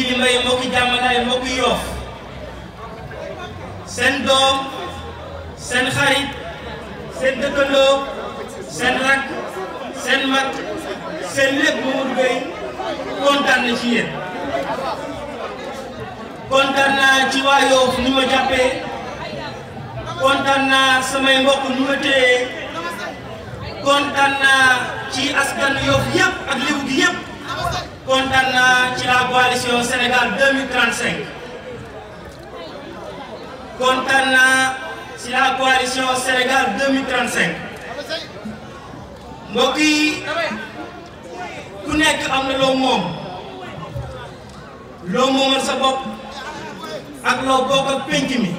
Djily Mbaye mbokki jàmmalaay mbokki Yoff seen doom seen xarit seen dëkkandoo seen rakk seen mag seen lépp Mamadou Gueye kontaan na ci yéen kontaan naa ci waa Yoff ni ma jàppee kontaan naa samay mbokk ni ma téye kontaan naa ci askan Yoff yëpp ak lébu gi yëpp coalition Sénégal 2035 kontaan naa si la coalition Sénégal 2035 mbokk yi ku nekk am na loo moom loo moomal sa bopp ak loo bokk ak penc mi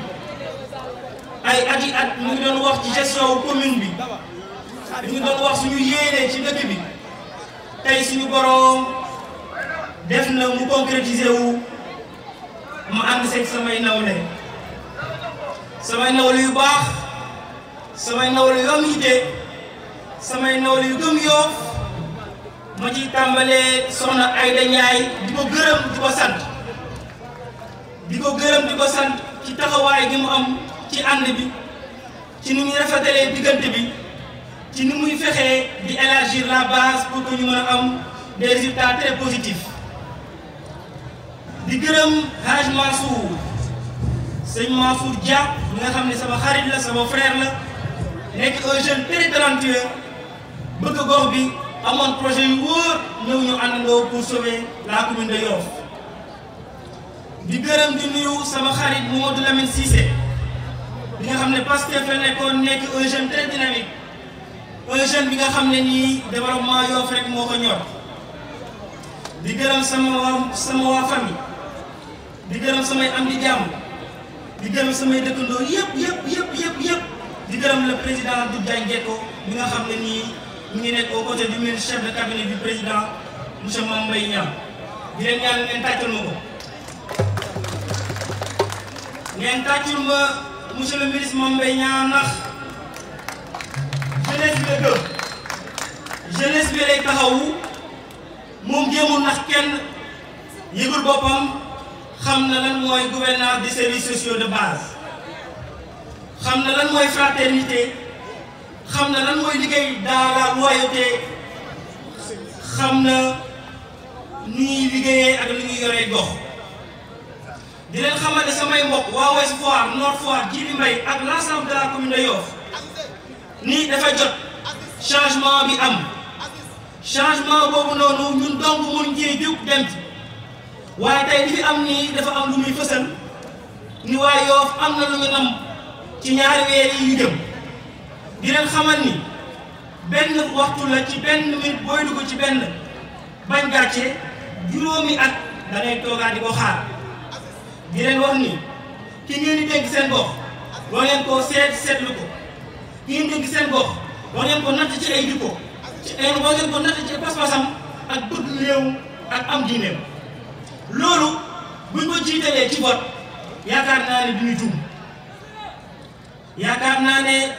ay at at mu ngi doon wax ci gestion wu commune bi mu ngi doon wax suñu yéene ci dëkk bi tey suñu boroom. def na mu concrétiser wu ma ànd seeg samay nawle samay nawle yu baax samay nawle yu am yitte samay nawle yu gëm yoo ma ci tàmbalee soxna ay Ndiaye di ko gërëm di ko sant di ko gërëm di ko sant ci taxawaay gi mu am ci ànd bi ci ni muy rafetalee diggante bi ci ni muy fexee di élargir la base pour que ñu mën a am des résultats très di gërëm Hadj Mansour sëñ Mansour Dia mi nga xam ne sama xarit la sama frère la nekk un jeune très bëgg gox bi amoon projet yu wóor ñëw ñu àndandoo pour sauver la commune de Yoff di gërëm di nuyu sama xarit Mamadou Lamine Cissé bi nga xam ne Pastef la nekkoon nekk un jeune très dynamique bi nga xam ne nii développement Yoff rek moo ko ñor di gërëm sama waa sama di gërëm samay am di jàmm di gërëm samay dëkkandoo yëpp yëpp yëpp yëpp gërëm le président Abdou Diagne Diecko bi nga xam ne nii mu ngi nekk au du ministre chef de cabinet du président monsieur Mame Mbaye Niang di leen ñaan ngeen tàccal ma ko ngeen tàccul le ministre Mame Mbaye Niang ndax jeunesse bi moom jéemul ndax kenn yëgul boppam xam na lan mooy gouvernance des services sociaux de xam na lan mooy fraternité xam na lan mooy liggéey dans la loyauté xam na nu ñuy liggéeyee ak nu dox di leen xamal samay mbokk waa Ouest Foire Nord Foire Djily Mbaye ak l'ensemble de la commune de Yoff nii dafa jot changement bi am changement boobu noonu ñun donc mun cee jóg dem ci waaye tey lii am nii dafa am lu muy fësal ni waa Yoff am na lu ñu nam ci ñaari weer yi yu jëm xamal ni benn waxtu la ci benn minute ko ci benn bañ gàcce juróomi at da ngay toogaat di ko xaar di leen wax ni ki ngeen di dénk seen gox war ngeen ko seet seetlu ko ki ngeen dénk seen gox war ngeen ko natt ci ay jikko ci ay war ngeen ko natt ci pas-pasam ak bëgg réew ak am diineem loolu buñ ko jiitalee ci vote yaakaar naa ne duñu juum yaakaar naa ne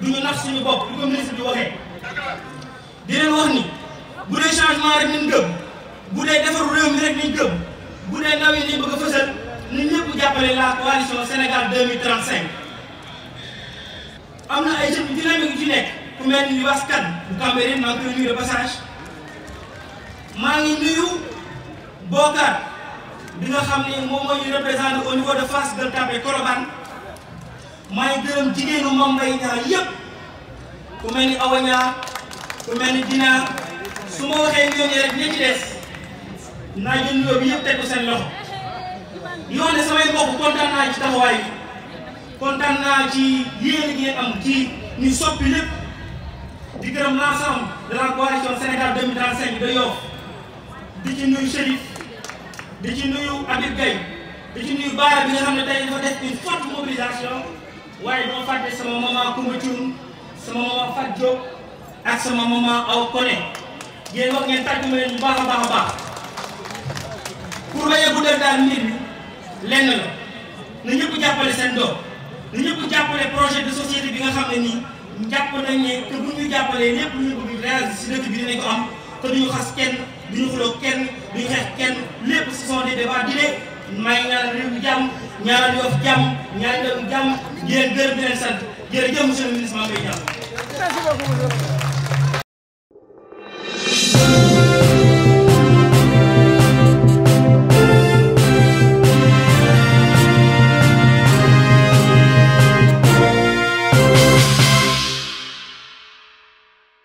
duñu nax suñu bopp du ko ministre bi waxee di wax ni bu dee changement rek nañ gëm bu dee defaru réew mi rek nañ gëm bu dee ndaw yi ni bëgg a fësal ni ñëpp jàppale la coalition Sénégal 2035 am na ay jeunes dynamique ci nekk ku mel ni Libasse Kane bu Cambérène maa ngi koy nuyu passage maa ngi nuyu Bokar bi nga xam ne moom moo ñu représenté au niveau de Fass Gueule Tapée Colobane may gërëm jigéenu Mame Mbaye Niang yëpp ku mel ni Awa Niang mel ni Dina su ma waxee ñooñu rek ña ci des naa jël nuyoo bi yëpp seen loxo ñoo samay mbokk kontaan naa ci taxawaay bi kontaan naa ci yéen ngeen am ci ñu soppi lépp di gërëm l'ensemble de la coalition Sénégal 2035 de Yoff di ci nuyu Chérif. di ji nuyu Habib Gueye di ci nuyu baax bi nga xam ne tey dafa def une forte mobilisation waaye doo fàtte sama maman Koumba Thioune sama maman Fat Diop ak sama maman Aw Koné yéen wax ngeen tàggu ma leen bu baax a baax a baax pour bañ a guddal daal mbir mi lenn la na ñëpp jàppale seen doom na ñëpp jàppale projet de société bi nga xam ne nii jàpp nañ ne te bu ñu jàppalee lépp lu ñu bëgg réaliser si dëkk bi dinañ ko am te duñu xas kenn. du ñu kenn du ñu xeex kenn lépp ce sont des débats d'idées may ñaanal réew mi jàmm ñaanal Yoff jàmm ñaanal jàmm di leen gërëm di leen sant jërëjëf monsieur le ministre maa ngi